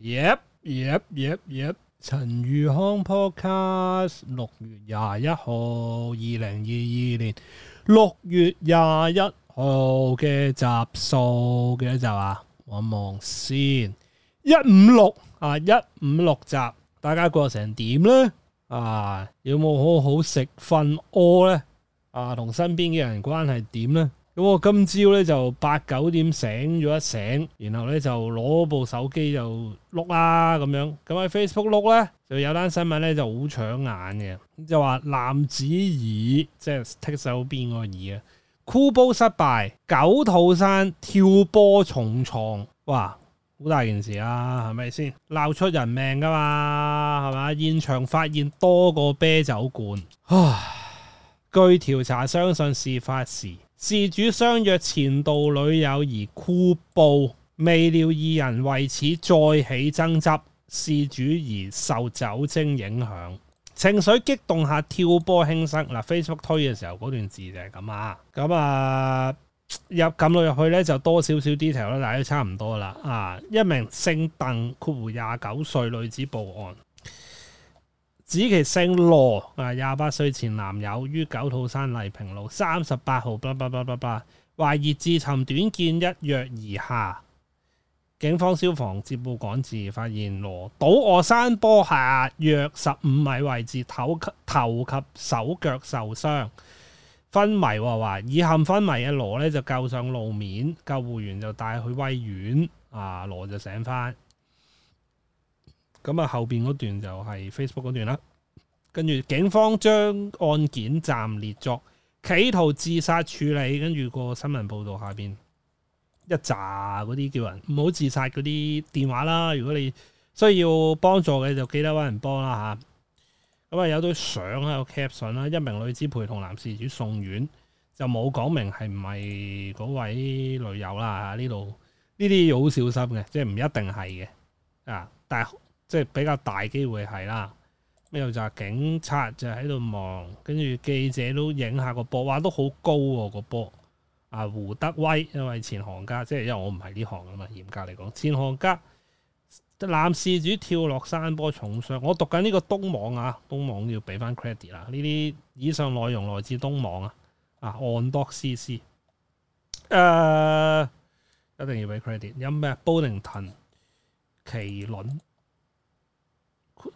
Yep, yep, yep, yep。陳宇康 Podcast 六月廿一號二零二二年六月廿一號嘅集數幾多集啊？我望先一五六啊一五六集，大家過成點咧？啊，有冇好好食、瞓、屙咧？啊，同身邊嘅人關係點咧？咁我今朝咧就八九點醒咗一醒，然後咧就攞部手機就碌啦咁樣。咁喺 Facebook 碌咧就有單新聞咧就好搶眼嘅，就話男子耳即係剔手邊個耳啊，箍煲失敗，九吐山跳波重床，哇，好大件事啊，係咪先鬧出人命噶嘛？係嘛？現場發現多個啤酒罐，據調查相信事發時。事主相約前度女友而箍煲，未料二人為此再起爭執。事主而受酒精影響，情緒激動下跳波輕生。嗱、呃、，Facebook 推嘅時候嗰段字就係咁啊。咁、呃、啊，入撳落入，入，入，入，入去咧就多少少 detail 啦，大家都差唔多啦。啊，一名姓鄧括弧廿九歲女子報案，指其姓羅，啊，廿八歲前男友於九肚山麗平路三十八號，八八八八八，懷疑自尋短見一躍而下。警方消防接報趕至，發現羅倒臥山坡下約十五米位置，頭及頭及手腳受傷，昏迷。話以含昏迷嘅羅呢就救上路面，救護員就帶佢去威院，啊，羅就醒返。咁啊，後邊嗰段就係 Facebook 嗰段啦，跟住警方將案件暫列作企圖自殺處理，跟住個新聞報導下邊一紮嗰啲叫人唔好自殺嗰啲電話啦。如果你需要幫助嘅，就記得揾人幫啦嚇。咁啊，啊，啊，有對相啊，caption 啦，一名女子陪同男事主送院，就冇講明係唔係嗰位女友啦嚇。呢度呢啲要好小心嘅，即係唔一定係嘅啊，但係。即係比較大機會係啦，咩又就警察就喺度望，跟住記者都影下個波，哇都好高喎個波！啊胡德威因為前行家，即係因為我唔係呢行啊嘛，嚴格嚟講，前行家男事主跳落山坡重傷。我讀緊呢個東網啊，東網要俾翻 credit 啦，呢啲以上內容來自東網啊，啊 ondoccc，誒、啊、一定要俾 credit 有。有咩？布林滕、麒麟。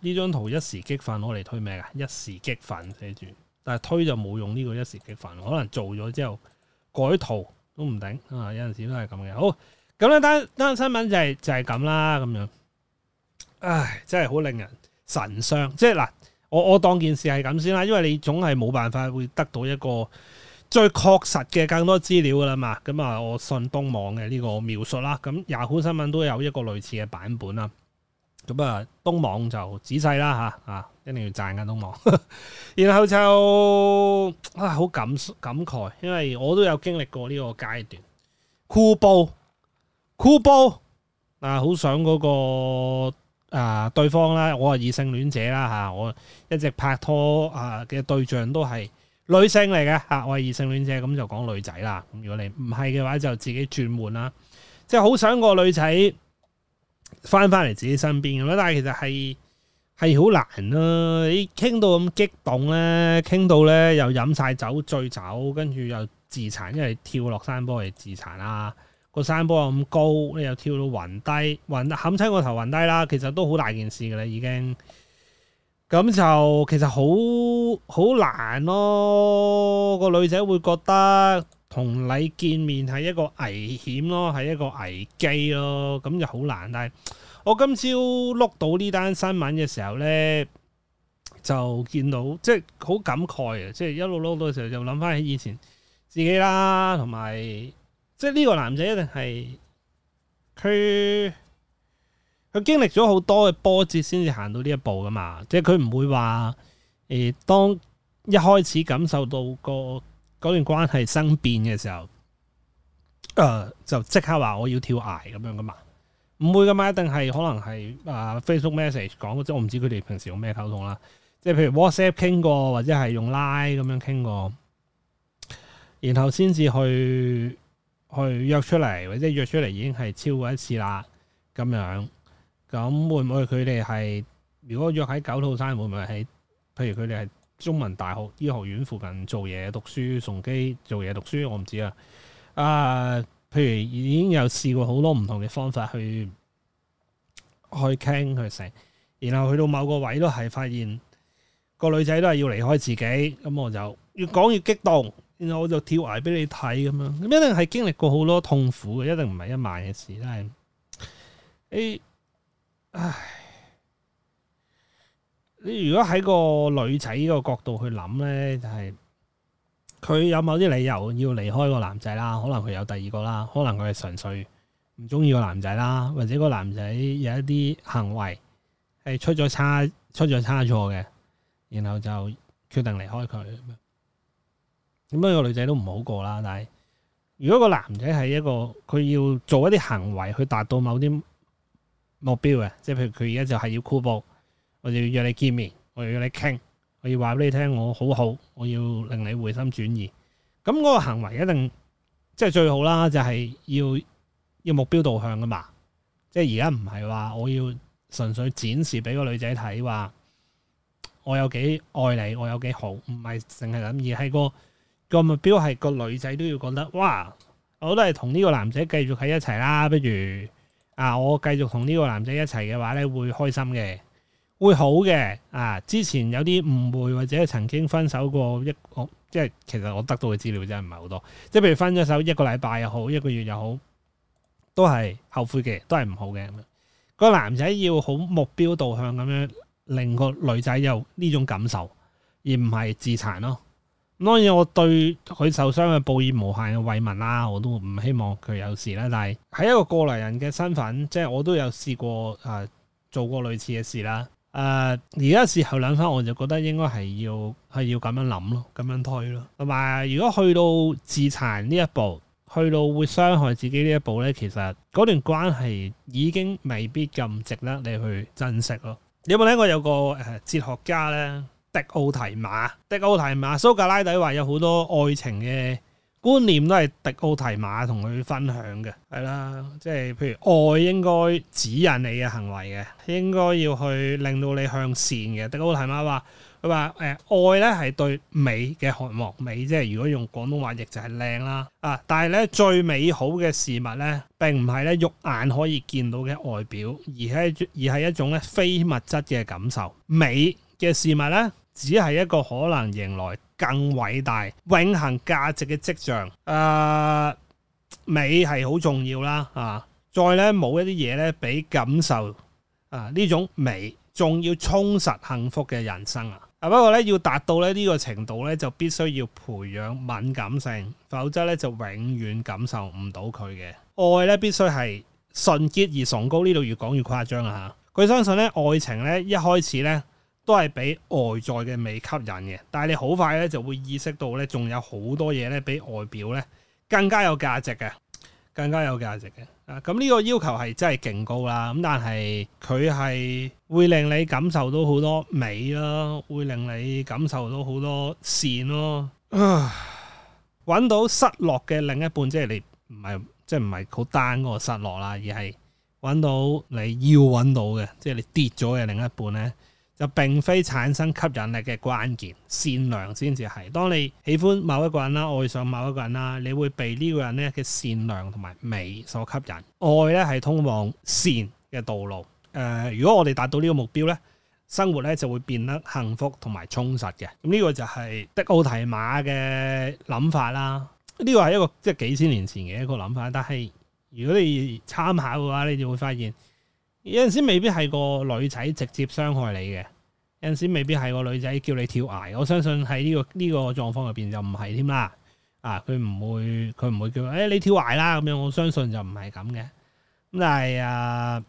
呢張圖一時激憤攞嚟推咩噶？一時激憤寫住，但係推就冇用呢個一時激憤，可能做咗之後改圖都唔定啊！有陣時都係咁嘅。好咁咧，單單新聞就係、是、就係、是、咁啦，咁樣，唉，真係好令人神傷。即係嗱，我我當件事係咁先啦，因為你總係冇辦法會得到一個最確實嘅更多資料噶啦嘛。咁啊，我信東網嘅呢個描述啦，咁 Yahoo 新聞都有一個類似嘅版本啦。咁啊，東網就仔細啦吓，吓、啊、一定要讚嘅東網呵呵。然後就啊，好感慨感慨，因為我都有經歷過呢個階段。箍煲箍煲啊，好想嗰、那個誒、啊、對方啦，我係異性戀者啦吓、啊，我一直拍拖啊嘅對象都係女性嚟嘅吓，我係異性戀者，咁就講女仔啦。咁如果你唔係嘅話，就自己轉換啦、啊。即係好想個女仔翻翻嚟自己身邊咁咯，但係其實係係好難咯、啊。你傾到咁激動咧，傾到咧又飲晒酒醉酒，跟住又自殘，因為跳落山坡嚟自殘啦。個山坡又咁高，你又跳到暈低，暈冚親個頭暈低啦。其實都好大件事嘅啦，已經。咁就其實好好難咯、啊。個女仔會覺得。同你見面係一個危險咯，係一個危機咯，咁就好難。但係我今朝碌到呢單新聞嘅時候咧，就見到即係好感慨啊！即係一路碌到時候就諗翻起以前自己啦，同埋即係呢個男仔一定係佢佢經歷咗好多嘅波折先至行到呢一步噶嘛。即係佢唔會話誒、呃，當一開始感受到個。嗰段關係生變嘅時候，誒、呃、就即刻話我要跳崖咁樣噶嘛？唔會噶嘛？一定係可能係誒、呃、Facebook message 講，即係我唔知佢哋平時用咩溝通啦。即係譬如 WhatsApp 傾過，或者係用 Line 咁樣傾過，然後先至去去約出嚟，或者約出嚟已經係超過一次啦。咁樣咁會唔會佢哋係如果約喺九吐山，會唔會喺？譬如佢哋係。中文大學醫學院附近做嘢讀書，崇基做嘢讀書，我唔知啊。啊，譬如已經有試過好多唔同嘅方法去去傾去成，然後去到某個位都係發現個女仔都係要離開自己，咁、嗯、我就越講越激動，然後我就跳崖俾你睇咁樣，咁、嗯嗯、一定係經歷過好多痛苦嘅，一定唔係一晚嘅事，真係。誒、哎，唉。你如果喺個女仔依個角度去諗呢，就係佢有某啲理由要離開個男仔啦，可能佢有第二個啦，可能佢係純粹唔中意個男仔啦，或者個男仔有一啲行為係出咗差出咗差錯嘅，然後就決定離開佢。咁點解個女仔都唔好過啦。但係如果個男仔係一個佢要做一啲行為去達到某啲目標嘅，即係譬如佢而家就係要箍煲。我就要約你見面，我要約你傾，我要話俾你聽，我好好，我要令你回心轉意。咁、嗯、嗰、那個行為一定即係最好啦，就係、是、要要目標導向噶嘛。即係而家唔係話我要純粹展示俾個女仔睇，話我有幾愛你，我有幾好，唔係淨係咁，而係個個目標係個女仔都要覺得哇，我都係同呢個男仔繼續喺一齊啦。不如啊，我繼續同呢個男仔一齊嘅話咧，會開心嘅。會好嘅啊！之前有啲誤會或者曾經分手過一個，哦、即係其實我得到嘅資料真係唔係好多。即係譬如分咗手一個禮拜又好，一個月又好，都係後悔嘅，都係唔好嘅。個男仔要好目標導向咁樣，令個女仔有呢種感受，而唔係自殘咯。當然，我對佢受傷嘅報以無限嘅慰問啦，我都唔希望佢有事啦。但係喺一個過嚟人嘅身份，即係我都有試過啊做過類似嘅事啦。誒而家事後諗翻，我就覺得應該係要係要咁樣諗咯，咁樣推咯。同埋如果去到自殘呢一步，去到會傷害自己呢一步呢，其實嗰段關係已經未必咁值得你去珍惜咯。你有冇聽過有個誒哲學家呢？狄奧提瑪，狄奧提瑪蘇格拉底話有好多愛情嘅。觀念都係狄奧提瑪同佢分享嘅，係啦，即係譬如愛應該指引你嘅行為嘅，應該要去令到你向善嘅。狄奧提瑪話佢話誒愛咧係對美嘅渴望，美即係如果用廣東話譯就係靚啦啊！但係咧最美好嘅事物咧並唔係咧肉眼可以見到嘅外表，而係而係一種咧非物質嘅感受。美嘅事物咧，只係一個可能迎來更偉大、永恆價值嘅跡象。誒、呃，美係好重要啦，啊！再呢冇一啲嘢呢，比感受啊呢種美，仲要充實幸福嘅人生啊！啊不過呢，要達到呢呢個程度呢，就必須要培養敏感性，否則呢就永遠感受唔到佢嘅愛呢，必須係純潔而崇高。呢度越講越誇張啊！佢相信呢愛情呢，一開始呢，都係俾外在嘅美吸引嘅，但係你好快咧就會意識到咧，仲有好多嘢咧比外表咧更加有價值嘅，更加有價值嘅。啊，咁、這、呢個要求係真係勁高啦。咁但係佢係會令你感受到好多美咯，會令你感受到好多善咯。揾、啊、到失落嘅另一半，即係你唔係即係唔係好單個失落啦，而係揾到你要揾到嘅，即係你跌咗嘅另一半咧。就並非產生吸引力嘅關鍵，善良先至係。當你喜歡某一個人啦，愛上某一個人啦，你會被呢個人咧嘅善良同埋美所吸引。愛咧係通往善嘅道路。誒、呃，如果我哋達到呢個目標咧，生活咧就會變得幸福同埋充實嘅。咁、這、呢個就係狄奧提瑪嘅諗法啦。呢、這個係一個即係幾千年前嘅一個諗法，但係如果你參考嘅話，你就會發現。有陣時未必係個女仔直接傷害你嘅，有陣時未必係個女仔叫你跳崖。我相信喺呢個呢個狀況入邊就唔係添啦。啊，佢唔會佢唔會叫，誒你跳崖啦咁樣。我相信就唔係咁嘅。咁但係誒、啊，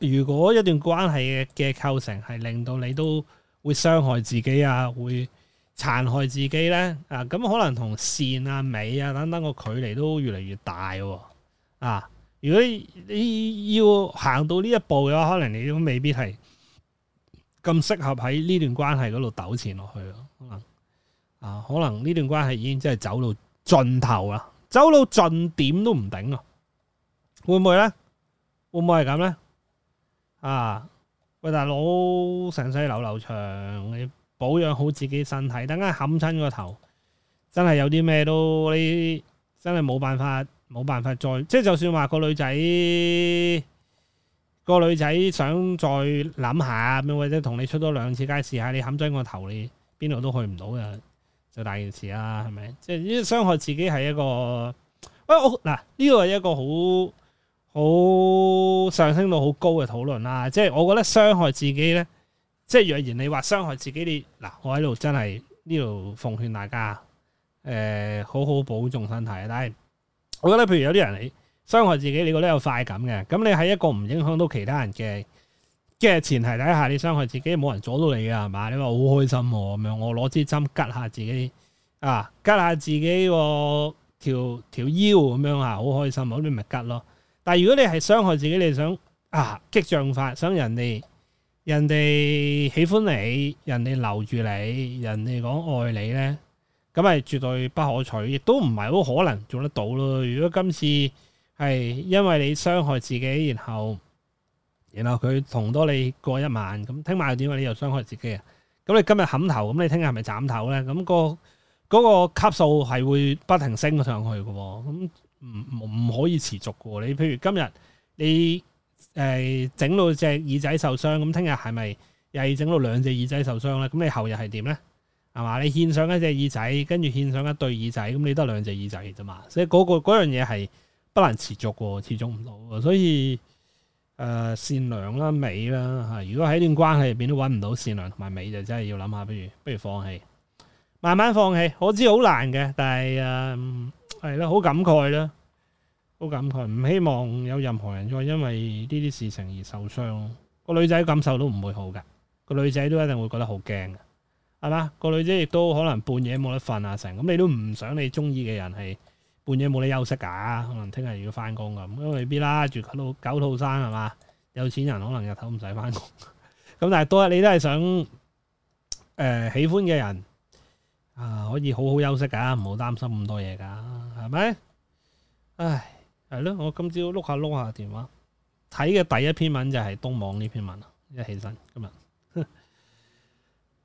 如果一段關係嘅構成係令到你都會傷害自己啊，會殘害自己咧啊，咁可能同善啊、美啊等等個距離都越嚟越大喎啊！如果你要行到呢一步嘅話，可能你都未必係咁適合喺呢段關係嗰度糾纏落去咯。可能，啊，可能呢段關係已經真係走到盡頭啦，走到盡點都唔頂咯。會唔會咧？會唔會係咁咧？啊，喂大佬，成世流流長，你保養好自己身體，等陣間冚親個頭，真係有啲咩都，你真係冇辦法。冇辦法再即係，就算話個女仔、個女仔想再諗下，咁或者同你出多兩次街試下，你冚咗我頭，你邊度都去唔到嘅，就大件事啦，係咪？即係呢啲傷害自己係一個，喂、哎、我嗱呢個係一個好好上升到好高嘅討論啦。即係我覺得傷害自己咧，即係若然你話傷害自己，你嗱我喺度真係呢度奉勸大家，誒、呃、好好保重身體，但係。我覺得譬如有啲人你傷害自己，你覺得有快感嘅，咁你喺一個唔影響到其他人嘅嘅前提底下，你傷害自己冇人阻到你噶係嘛？你話好開心咁樣，我攞支針拮下自己啊，拮下自己個條條腰咁樣吓，好開心啊！咁、啊啊、你咪拮咯。但係如果你係傷害自己，你想啊激將法，想人哋人哋喜歡你，人哋留住你，人哋講愛你咧。咁係絕對不可取，亦都唔係好可能做得到咯。如果今次係因為你傷害自己，然後然後佢同多你過一晚，咁聽晚又點啊？你又傷害自己啊？咁你今日冚頭，咁你聽日係咪斬頭咧？咁個嗰個級數係會不停升上去嘅喎。咁唔唔可以持續嘅喎？你譬如今日你誒整到隻耳仔受傷，咁聽日係咪又係整到兩隻耳仔受傷咧？咁你後日係點咧？係嘛？你獻上一隻耳仔，跟住獻上一對耳仔，咁你得兩隻兩隻耳仔啫嘛。所以嗰、嗰個樣嘢係不能持續嘅，持續唔到。所以誒、呃、善良啦、啊、美啦、啊，吓如果喺段關係入邊都揾唔到善良同埋美，就真係要諗下，不如不如放棄，慢慢放棄。我知好難嘅，但係誒係咯，好、呃、感慨啦，好感慨。唔希望有任何人再因為呢啲事情而受傷。個女仔感受都唔會好噶，個女仔都一定會覺得好驚。係嘛？嗰個女仔亦都可能半夜冇得瞓啊，成咁你都唔想你中意嘅人係，半夜冇得休息噶。可能聽日要翻工咁，都未必啦。住到九吐山係嘛？有錢人可能日頭唔使翻工。咁但係多，你都係想誒、呃、喜歡嘅人啊，可以好好休息噶，唔好擔心咁多嘢噶，係咪？唉，係咯。我今朝碌下碌下電話，睇嘅第一篇文就係東網呢篇文。一起身今日。